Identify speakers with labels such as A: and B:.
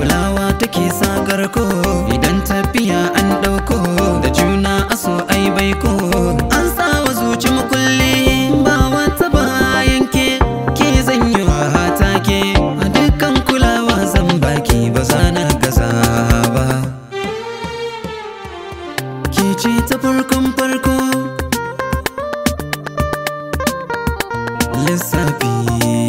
A: kulawa take sa garko idan tafiya an ɗauko da juna aso ai baiko an wa zuci kulli ba wata bayan ke ke
B: zan yi hata ke a dukkan kulawa zan baki ba zana gaza ba ke ce ta farkon farko
C: lissafi